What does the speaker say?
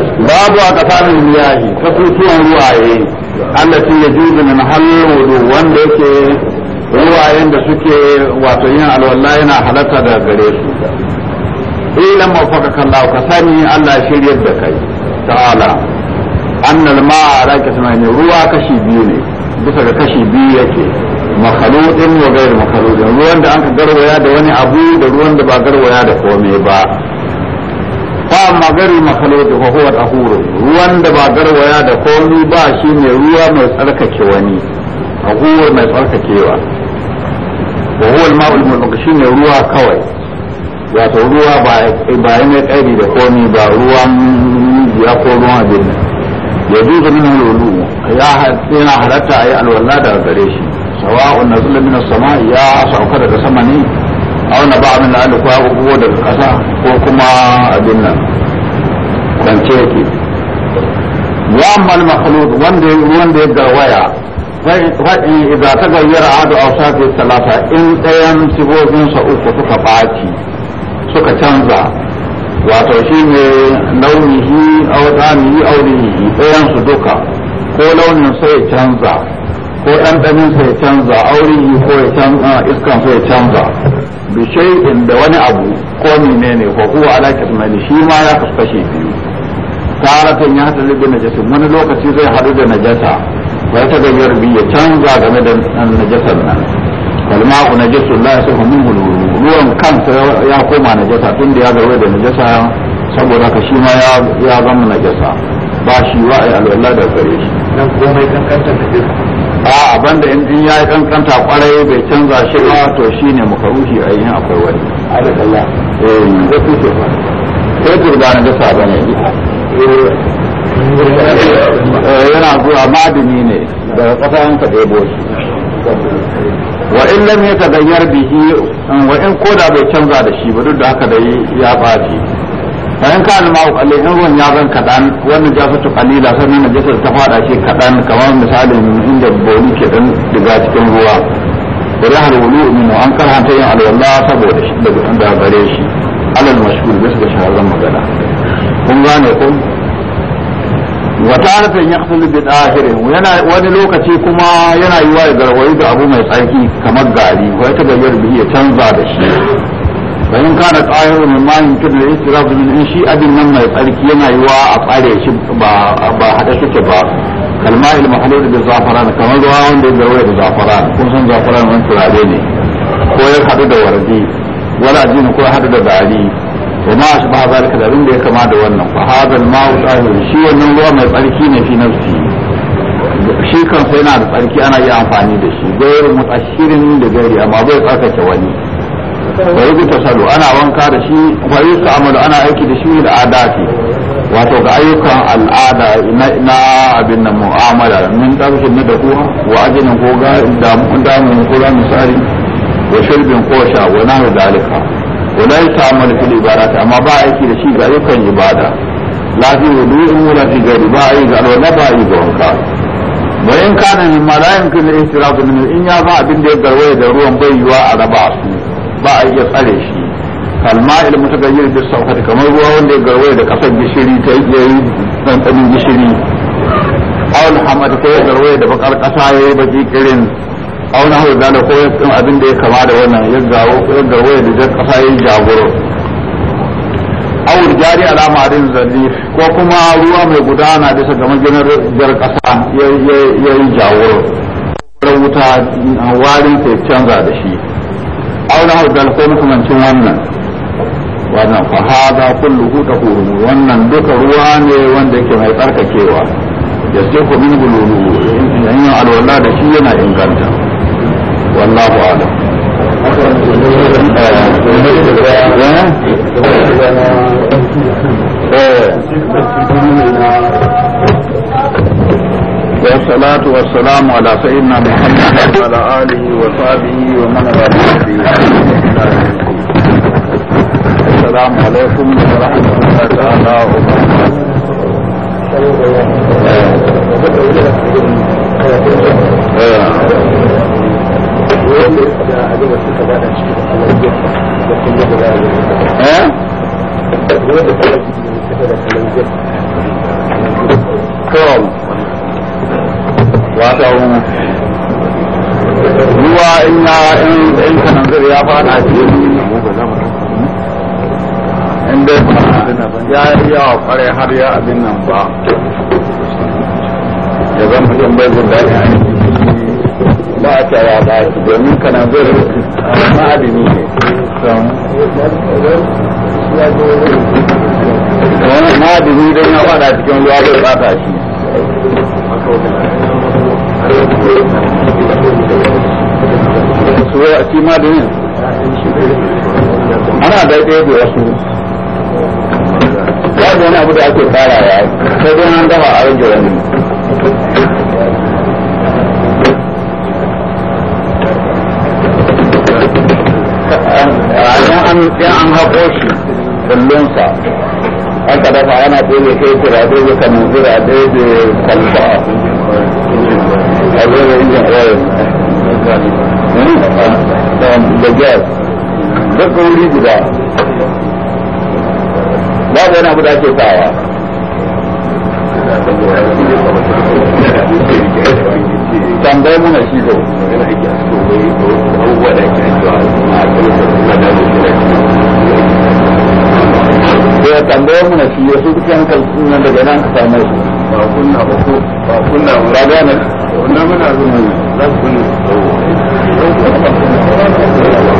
babu a kasarin miyahi kasusuwan ruwaye allati ya min halil wudu wanda yake ruwaye da suke wato yin alwala yana halarta da gare su ilan mafaka kallahu ka sani Allah shiryar da kai ta'ala annal ma'a raka samani ruwa kashi biyu ne bisa ga kashi biyu yake makhaludin wa gairu ruwan da an ka garwaya da wani abu da ruwan da ba garwaya da komai ba amma gari makalo da huwa tahuru ruwan da ba garwaya da komi ba shi ne ruwa mai tsarkake wani tahuru mai tsarkakewa wa huwa al-ma'ul mulk shi ne ruwa kawai wato ruwa ba ba ne kairi da komi ba ruwan ya ko ruwan abin ya duka min hululu ya yana halatta ayi alwala da gare shi sawa'un nazala min as-sama ya sauka daga sama ne auna ba min da alƙawa ko daga ƙasa ko kuma abin nan kwance yake wa al makhluq wanda wanda ya garwaya in idza tagayyara adu awsafi salata in dayan sibobin sa uku suka baci suka canza wato shine launihi aw damihi aw lihi dayan su duka ko launin sai ya canza ko ɗanɗanin sai ya canza aurihi ko ya canza iskan sai ya canza bi shay'in da wani abu ko menene ko huwa ala kismani shi ma ya kaskashe biyu taratan ya hadu da najasin wani lokaci zai hadu da najasa wai ta gayyar bi ya canza game da najasar nan ku najasun la yasihu minhu ruwan kansa ya koma najasa tunda ya garwaye da najasa saboda ka shi ma ya zama najasa ba shi wa ai alwala da gare shi nan mai kankanta najasa a abanda in din yayi kankanta kwarai bai canza shi ba to shine makaruhi a yin akwai wani alakallah eh ko kuke fa ko turba najasa bane yana zuwa madini ne daga kasan ka ɗebo shi wa in lam tagayyar bihi um, wa in koda bai canza da shi ba duk da haka da yi ya baci fa in ka alma qalil in ruwan ya zan kadan wannan jasatu qalila sannan najasar ta fada shi kaɗan kamar misali misalin inda boli ke dan diga cikin ruwa wala hal wulu min an karhanta yin alwala saboda shi daga gare shi alal mashhur da shahararren magana kun gane ko wataratan ya kasulu bi dahirin yana wani lokaci kuma yana yi wa garwayi da abu mai tsarki kamar gari wai ta bayyar bi ya canza da shi bayan kana tsayar min ma yin kidda istirafu min shi abin nan mai tsarki yana yi wa a tsare shi ba ba hada shi ba kalma il mahalul bi zafaran kamar ruwa wanda ya garwaya da zafaran kun san zafaran wani turare ne ko ya hadu da wardi wala jin ko ya hadu da gari wa ma shi ba zalika da abin ya kama da wannan fa hadal ma'u tahir shi wannan ruwa mai tsarki ne fi nafsi shi kansa yana da tsarki ana iya amfani da shi gairu mutashirin da gairi amma bai tsarkake wani wa yi salo ana wanka da shi wa yi amalu ana aiki da shi da adati wato ga ayyukan al'ada na abin nan mu'amala min tsarkin na da kuwa wa ajinin ko ga damu ko ga misali wa shirbin ko sha wa nahu dalika wala ya ta'amal amma ba aiki da shi ga yakan ibada lafi gari ai ga wala ba wanka bayan kana ni malayin kin da istirafu in ya ba abin da ya garwaya da ruwan bai yiwa a raba su ba tsare shi kalma il kamar ruwa wanda ya garwaya da kasar gishiri ta hamad ko ya da bakar kasa yayi baki kirin auna hau da ko yin abin da ya kama da wannan ya garwaya da jar kafa ya jagoro awul jari alama adin zalli ko kuma ruwa mai gudana bisa ga maginar jar kasa ya yi jagoro wuta warin ta canza da shi auna hau da ko cin wannan wannan fa kullu kulluhu tahuru wannan duka ruwa ne wanda yake mai tsarkakewa ko min bululu in alwala da shi yana inganta والله أعلم والصلاة والسلام على سيدنا محمد وعلى آله وصحبه ومن والاه السلام عليكم ورحمة الله تعالى وبركاته Eh? wato ruwa in ya in kanan zai ya fada cikin in dai ya yi yawa kware har ya abin nan ba ya zama mutum bai ba ta ya ba shi domin kana zai ma'adini ne don ya fada cikin ruwa zai shi a cikin ma'adinin ana daidai da wasu wani abu da ake fara sai dai an dafa a rage wani sai an haƙo shi kullunsa aka dafa ana kai kura ɗaya kanzura a da hmm? gas duk wuri guda babu tambayar muna shi da ya tambayar muna shi ya su kusa hankali suna daga nan ka samu su ba kunna ba ko ba kunna ba ga nan wannan muna zuwa za kunna